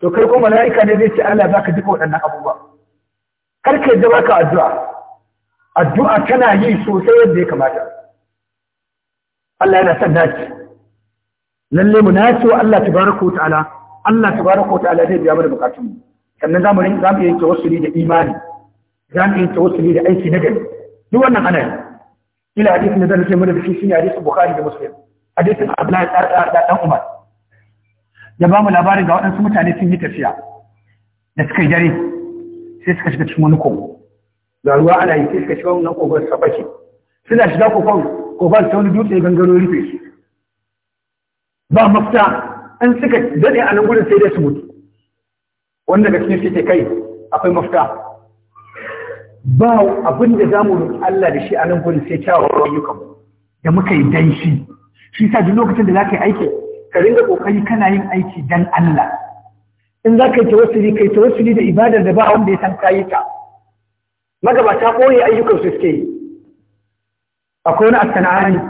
to kai kuma malaika ne zai ce Allah za ka duka waɗannan abubuwa kar ka yadda baka addu'a addu'a tana yi sosai yadda ya kamata Allah yana son dace lalle mu nace wa Allah tabaraka wa ta'ala Allah tabaraka wa ta'ala zai biya mana bukatunmu sannan zamu rinka zamu yanke ne da imani za mu yi tawassuli da aiki na gari duk wannan ana yi ila hadisin na zan ce mana da shi shine hadisin bukhari da muslim hadisin abdullahi dan umar ya ba mu labarin ga waɗansu mutane sun yi tafiya da suka yi dare sai suka shiga cikin wani kogo ga ruwa ana yi sai suka shiga wannan kogon sa bace suna shiga kogon kogon ta wani dutse gangaro rufe su ba mafita an suka daɗe a nan gudun sai dai su mutu wanda daga cikin suke kai akwai mafita ba abin da zamu roƙi Allah da shi a nan gurin sai kyawawan ayyukan da muka yi dan shi shi sa duk lokacin da zaka yi aiki ka ringa kokari kana yin aiki dan Allah in za ka yi tawassuli kai tawassuli da ibadar da ba wanda ya san kayi ta magabata koyi ayyukan su suke yi akwai wani asana'ani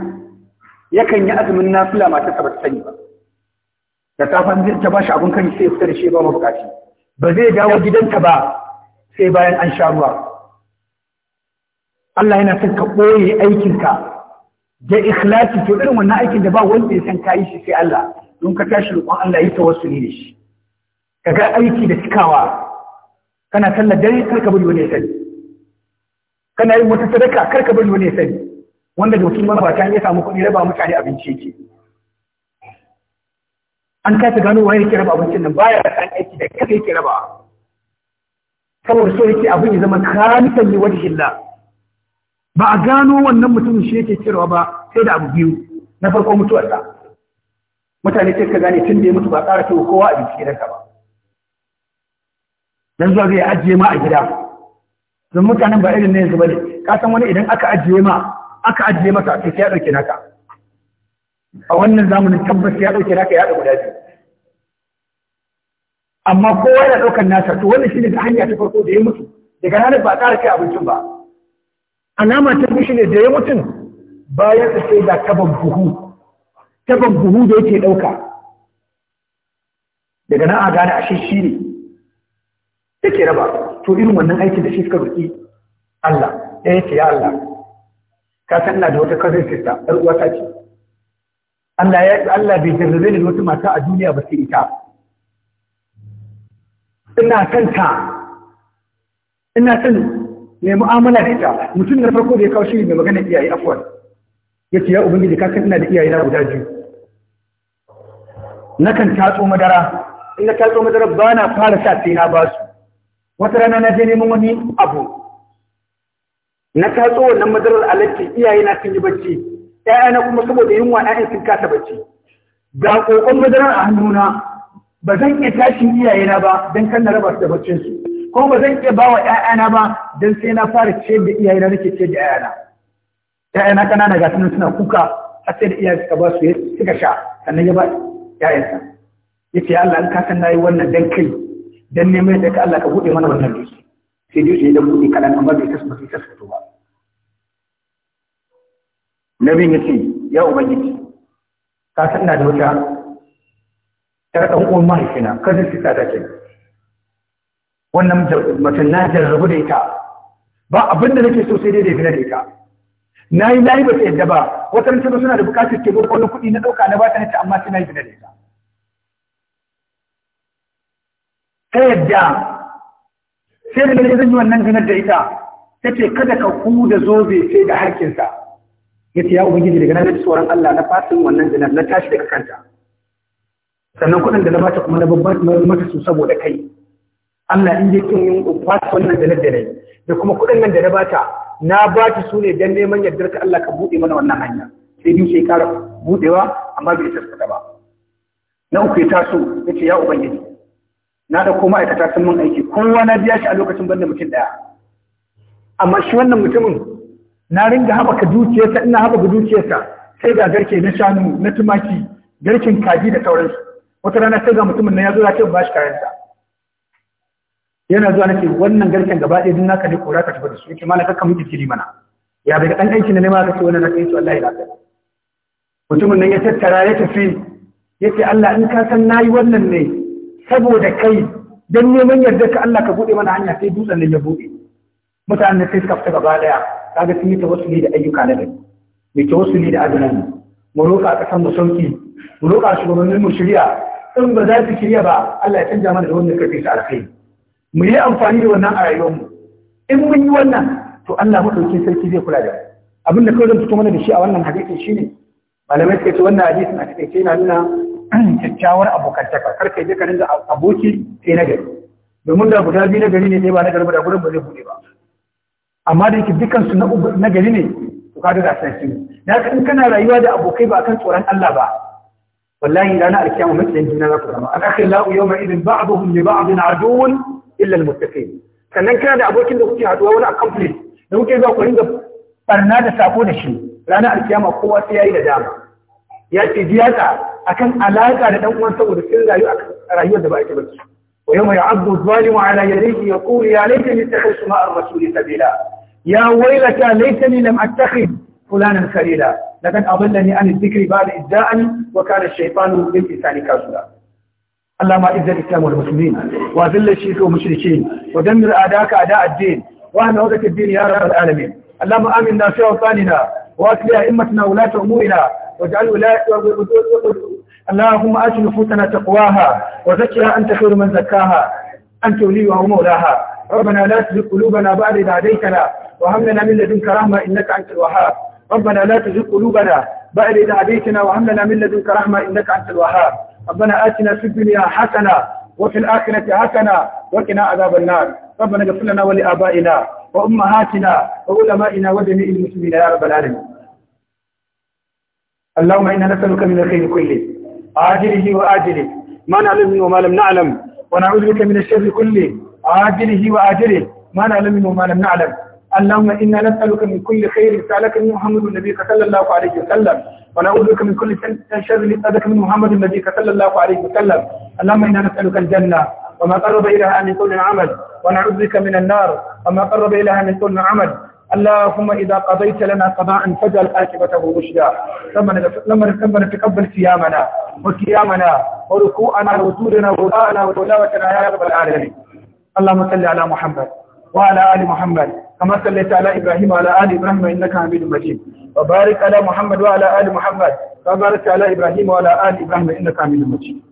yakan yi azumin nafila mata sabar sani ba da safan zai ta bashi abin kan sai fita da shi ba mabukaci ba zai dawo gidanta ba sai bayan an sha ruwa Allah yana son ka ɓoye aikinka da ikhlasi to irin wannan aikin da ba wanda ya san ka yi shi sai Allah don ka tashi roƙon Allah yi tawassuli da shi ka ga aiki da cikawa kana sallar dare kar ka bari wani ya sani kana yin wata sadaka kar ka bari wani ya sani wanda da wakil mabata ya samu kuɗi raba mutane abinci yake an kasa gano waye yake raba abincin nan baya san aiki da kake yake raba saboda so yake abin ya zama kamitan ne Allah ba a gano wannan mutumin shi yake kirwa ba sai da abu biyu na farko mutuwarsa mutane sai ka gane tun da ya mutu ba ƙara ta kowa a bincike da ba dan zuwa zai ajiye ma a gida don mutanen ba irin ne yanzu bane ka san wani idan aka ajiye ma aka ajiye masa sai ya dauke naka a wannan zamanin tabbas ya dauke naka ya dauke naka amma kowa yana daukar nasa to wannan shine da hanya ta farko da ya mutu daga ranar ba ƙara kai abincin ba alama ta biyu ne da ya mutum bayan sa sai taban buhu taban buhu da yake ɗauka daga nan a gane a shi ne yake raba to irin wannan aikin da shi suka roƙi Allah ya yake ya Allah ka san ina da wata cousin sister ɗan uwata ce Allah ya Allah bai jarrabe da wata mata a duniya ba sai ita ina son ta ina son mai mu'amala da ita mutum da farko da ya kawo shi mai magana iyaye afuwa ya ce ya ubangiji ka san ina da iyaye na guda biyu nakan tatso madara in na tatso madara ba na fara sa sai na ba su wata rana na je neman wani abu na tatso wannan madarar alaƙi iyaye na sun yi bacci ƴaƴana kuma saboda yunwa ƴaƴan sun kasa bacci ga kokon madarar a hannuna ba zan iya tashin iyayena ba don kan na raba su da baccinsu ko ba zan iya bawa ƴaƴana ba dan sai na fara ce da iyayena nake ce da ƴaƴana ƴaƴana kanana ga sunan suna kuka har sai da iyaye suka ba su suka sha sannan ya ba ƴaƴansa yace Allah an ka san nayi wannan dan kai dan neman da ka Allah ka bude mana wannan duki sai dai ya da bude kalan amma bai kasu bai kasu ba ya ce ya ubangiji ka san ina da wata ta ɗan uwan mahaifina kada su sa ta kenan wannan mutum na jarrabu da ita ba abin da nake so sai dai da gina da ita na yi layi ba ta yadda ba wata mace suna da bukatar ke gwada kuɗi na ɗauka na bata nace amma sai na yi gina da ita ta yadda sai da nake zan yi wannan ganar da ita ta ce kada ka ku da zobe sai da harkinsa ya ce ya ubangiji daga nan da tsoron Allah na fasin wannan ganar na tashi daga kanta sannan kuɗin da na bata kuma na babbar mata su saboda kai Allah in yake yin kwata wannan da na da kuma kuɗin nan da na bata na ta su ne dan neman yardar ka Allah ka buɗe mana wannan hanya sai biyu sai kara buɗewa amma bai tsaka ba na uku ya taso yace ya ubangiji na da kuma aikata sun mun aiki kowa na biya shi a lokacin banda mutum daya amma shi wannan mutumin na ringa haɓaka dukiyarsa ina haɓaka dukiyarsa sai ga garke na shanu na tumaki garkin kaji da sauransu wata rana sai ga mutumin na ya zo ya ce ba shi kayansa yana zuwa nake wannan garken gaba ɗaya din naka ne kora ka tafi da su yake mana kakka mun kirkiri mana ya bai dan aiki ne ma ka ce wannan nake su Allah ya lafiya mutumin nan ya tattara ya tafi yace Allah in ka san nayi wannan ne saboda kai dan neman yarda ka Allah ka bude mana hanya sai dutsen ne ya bude mutanen sai suka fita gaba ɗaya kaga sun yi tawassuli da ayyuka na gari mai tawassuli da azumin mu roƙa a ƙasar mu sauki mu roƙa shugabannin mu shirya in ba za su shirya ba Allah ya canja mana da wanda kake su alkhairi mu yi amfani da wannan a rayuwarmu in mun yi wannan to Allah madauki sarki zai kula da abin da kawai zan fito mana da shi a wannan hadisi shine malamai suka ce wannan hadisin a cikin yana nuna kyakkyawar abokantaka kar kai je ka dinga aboki sai na gari domin da guda biyu na gari ne sai ba na garba da gurin ba zai bude ba amma da yake dukkan su na gari ne to ka da san na ka in kana rayuwa da abokai ba kan tsoron Allah ba wallahi ranar alkiyama mutane juna za ku zama an akhillahu yawma idin ba'dhum li ba'dhin aduwwun illa almuttaqin sannan kana da abokin da kuke haduwa wani accomplice da kuke zuwa ku ringa barna da sako da shi ranar alkiyama kowa sai yayi da dama ya ce jiyata akan alaka da dan uwan saboda sun rayu a rayuwar da ba ita bace wa yawma ya'addu zalimu ala yadihi yaqulu ya laitani ittakhadhtu ma'a ar-rasuli sabila ya waylata laitani lam attakhidh fulanan khalila laqad adallani an adh-dhikri ba'da idh ja'ani wa kana ash-shaytanu lil insani kasula ma izzar islam wal muslimin wa zillal shirk wal mushrikeen wa damir adaka ada ad-din wa ana wadaka ad-din ya rabbal alamin allahumma amin na fi awtanina wa akli a'immatina wa lati umurina wa ja'al wilayatina wa wudu'ina allahumma ajil nufusana taqwaha wa zakkiha anta khairu man zakkaha anta waliyuha wa mawlaha rabbana la tuzigh qulubana ba'da idh hadaytana wa hab lana min ladunka rahma innaka antal wahhab ربنا لا تزغ قلوبنا بعد إذ هديتنا وهب لنا من لدنك رحمة إنك أنت الوهاب ربنا آتنا في الدنيا حسنة وفي الآخرة حسنة وقنا عذاب النار ربنا اغفر لنا ولآبائنا وأمهاتنا وعلمائنا وجميع المسلمين يا رب العالمين اللهم إنا نسألك من الخير كله عاجله وآجله ما نعلم منه وما لم نعلم ونعوذ بك من الشر كله عاجله وآجله ما نعلم منه وما لم نعلم اللهم إنا نسألك من كل خير سألك من محمد النبي صلى الله عليه وسلم ونعوذ بك من كل شر سألك من محمد النبي صلى الله عليه وسلم اللهم إنا نسألك الجنة وما قرب إليها من طول عمل ونعوذ بك من النار وما قرب إليها من طول عمل اللهم إذا قضيت لنا قضاء فجل آكبته رشدا لما نتقبل صيامنا وقيامنا وركوعنا وسودنا وغلاءنا وتلاوتنا يا رب العالمين اللهم صل على محمد وعلى آل محمد كما صليت على إبراهيم وعلى آل إبراهيم إنك حميد مجيد وبارك على محمد وعلى آل محمد وبارك على إبراهيم وعلى آل إبراهيم إنك حميد مجيد